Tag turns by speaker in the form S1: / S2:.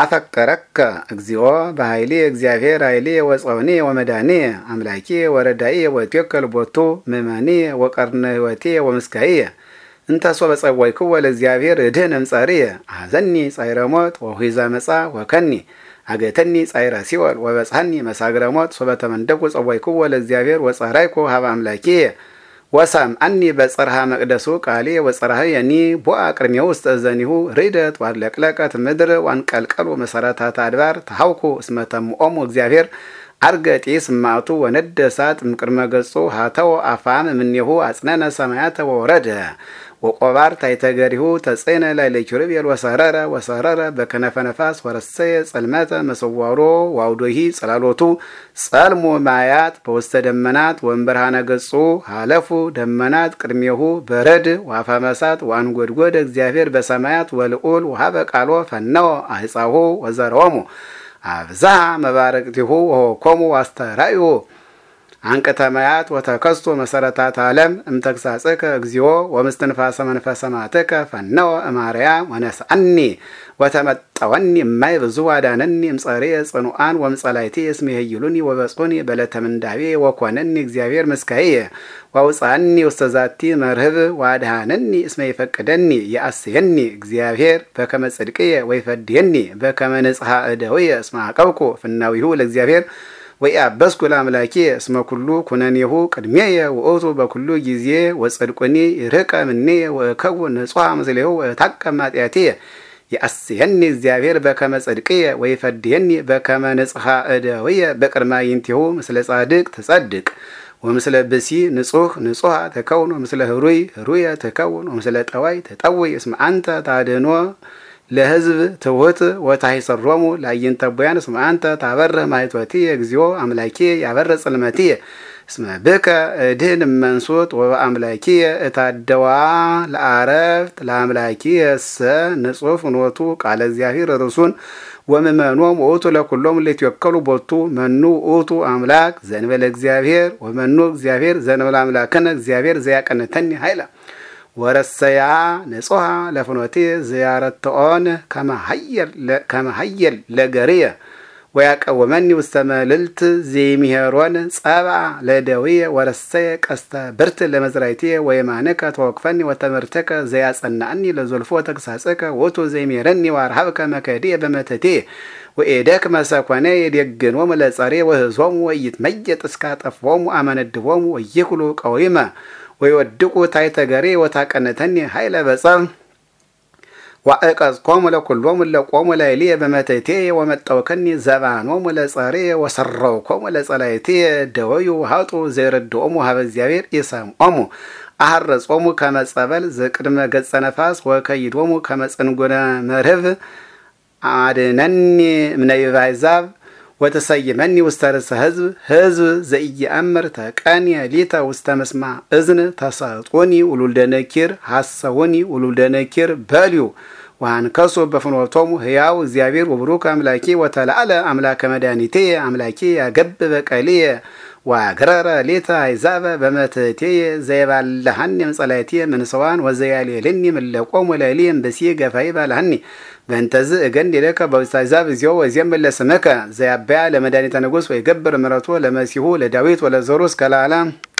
S1: አፈቀረከ እግዚኦ በኃይሌ እግዚአብሔር ኃይሌ ወፀውኔ ወመዳኔ አምላኬ ወረዳኤ ወቴከል ቦቱ ምእመኔ ወቀርነ ህይወቴ ወምስካዬ እንተሶ በጸወይክዎ ለእግዚአብሔር እድህ እምጸርየ አሐዘኒ ጻዕረ ሞት ወሁዛ መጻ ወከኒ አገተኒ ጻዕረ ሲኦል ወበጽሐኒ መሳግረ ሞት ሶበተመንደቁ ጸወይክዎ ለእግዚአብሔር ወጻራይኩ ሀበ አምላኬ ወሳም አኒ በጽርሃ መቅደሱ ቃሌ ወጽርሃ የኒ ቦአ ቅድሜ ውስጥ እዘኒሁ ርደት ዋለቅለቀት ምድር ዋንቀልቀሉ መሰረታት አድባር ተሃውኩ እስመተምኦሙ እግዚአብሔር አርገጤ ስማቱ ወነደ እሳት እምቅድመ ገጹ ሃተው አፋም እምኔሁ አጽነነ ሰማያተ ወረደ ወቆባር ታይተገሪሁ ተጽዕነ ላይ ለኪሩቤል ወሰረረ ወሰረረ በከነፈ ነፋስ ወረሰየ ጸልመተ መሰዋሮ ዋውዶሂ ጸላሎቱ ጸልሙ ማያት በውስተ ደመናት ወንብርሃነ ገጹ ሃለፉ ደመናት ቅድሜሁ በረድ ዋፈመሳት ዋንጎድጎድ እግዚአብሔር በሰማያት ወልዑል ውሃ በቃሎ ፈነወ አሕፃሁ ወዘረወሙ አብዛ መባረቅቲሁ ኮሙ አስተራዩ አንቅተ መያት ወተከስቶ መሰረታት ዓለም እምተግሳጽከ እግዚኦ ወምስትንፋሰ መንፈሰ ማትከ ፈነወ እማርያ ወነስአኒ ወተመጠወኒ እማይ ብዙ ዋዳነኒ እምጸሬ ጽኑአን ወምጸላይቲ እስመ ይህይሉኒ ወበጹኒ በለተምንዳቤ ወኮነኒ እግዚአብሔር ምስካየ ወውፃኒ ውስተዛቲ መርህብ ዋድሃነኒ እስመ ይፈቅደኒ ይአስየኒ እግዚአብሔር በከመ ጽድቅየ ወይፈድየኒ በከመ ንጽሐ እደውየ እስመ አቀብኩ ፍናዊሁ ለእግዚአብሔር ወኢአበስኩ ለአምላኬ እስመ ኩሉ ኩነኔሁ ቅድሜየ ወእቱ በኩሉ ጊዜ ወጽድቁኒ ይርሕቀ እምኔየ ወእከውን ንጹሐ ምስሌሁ ወእታቀብ ኃጢአትየ የአስየኒ እግዚአብሔር በከመ ጽድቅየ ወይፈድየኒ በከመ ንጽሐ እደውየ በቅድመ ይንቲሁ ምስለ ጻድቅ ትጸድቅ ወምስለ ብሲ ንጹህ ንጹሐ ተከውን ወምስለ ህሩይ ህሩየ ተከውን ወምስለ ጠዋይ ተጠውይ እስመ አንተ ታድኅኖ ለህዝብ ትውህት ወታሕጸሮሙ ለአዕይንተ ቡያን እስመ አንተ ታበርህ ማይቶቲ እግዚኦ አምላኪ ያበረ ጽልመቲ እስመ ብከ መንሱት ወበ አምላኪ እታደዋ ለአረፍት ለአምላኪ እሰ ንጹፍ ኖቱ ቃለ እግዚአብሔር ርሱን ወምመኖም ውእቱ ለኩሎም ለኢትወከሉ ቦቱ መኑ ውእቱ አምላክ ዘእንበለ እግዚአብሔር ወመኑ እግዚአብሔር ዘእንበለ አምላክነ እግዚአብሔር ዘያቀንተኒ ኃይለ ወረሰያ ንጹሐ ለፍኖቴ ዝያረትኦን ከመሀየል ለገርየ ወያቀወመኒ ውስተ መልዕልት ዘይምሄሮን ጸባ ለደዊየ ወረሰየ ቀስተ ብርት ለመዝራይቴ ወየማነከ ተወክፈኒ ወተምህርተከ ዘያጸናእኒ ለዘልፎ ተግሳጸከ ወቱ ዘይምሄረኒ ዋርሃብከ መከድየ በመተቴ ወኤደክመ ሰኮነ የደግኖሙ ለጸሬ ወህዝቦሙ ወኢይትመየጥ እስካጠፍዎሙ አመነድቦም ወይኩሉ ቀዊመ ወይወድቁ ታይተ ገሪ ወታቀነተኒ ኃይለ በጸብ ዋእቀዝኮሙ ለኵሎሙ ለቆሙ ላዕልየ በመተቴየ ወመጠውከኒ ዘባኖሙ ለጸርየ ወሰረውኮሙ ለጸላእትየ ደወዩ ውሃጡ ዘይረድኦሙ ሀበ እግዚአብሔር ይሰምዖሙ አሐረጾሙ ከመ ዘቅድመ ገጸ ነፋስ ወከይዶሙ ከመ ጽንጉነ መርህብ አድነኒ እምነ ይባሕዛብ ወተሰይመኒ ውስተ ርእሰ ህዝብ ህዝብ ዘኢየአምር ተቀንየ ሊተ ውስተ መስማ እዝን ተሰጦኒ ውሉደ ነኪር ሐሰውኒ ውሉደ ነኪር በልዩ ወአንከሶ በፍኖቶሙ ህያው እግዚአብሔር ወብሩክ አምላኬ ወተላዕለ አምላከ መድኃኒቴ አምላኬ አገብ በቀልየ ዋግረረ ሌታ ይዛበ በመትቴየ ዘየባለሃኒ እምጸላእቴ ምንሰዋን ወዘያልየልኒ ምለቆም ሌሊየ እምብእሲየ ገፋይ ባለሃኒ በእንተዝ እገንድለከ በውስተ አሕዛብ እዚዮ ወይዜም ለስምከ ዘያበያ ለመድኃኒተ ንጉሥ ወይገብር ምረቶ ለመሲሁ ለዳዊት ወለዘሩ እስከ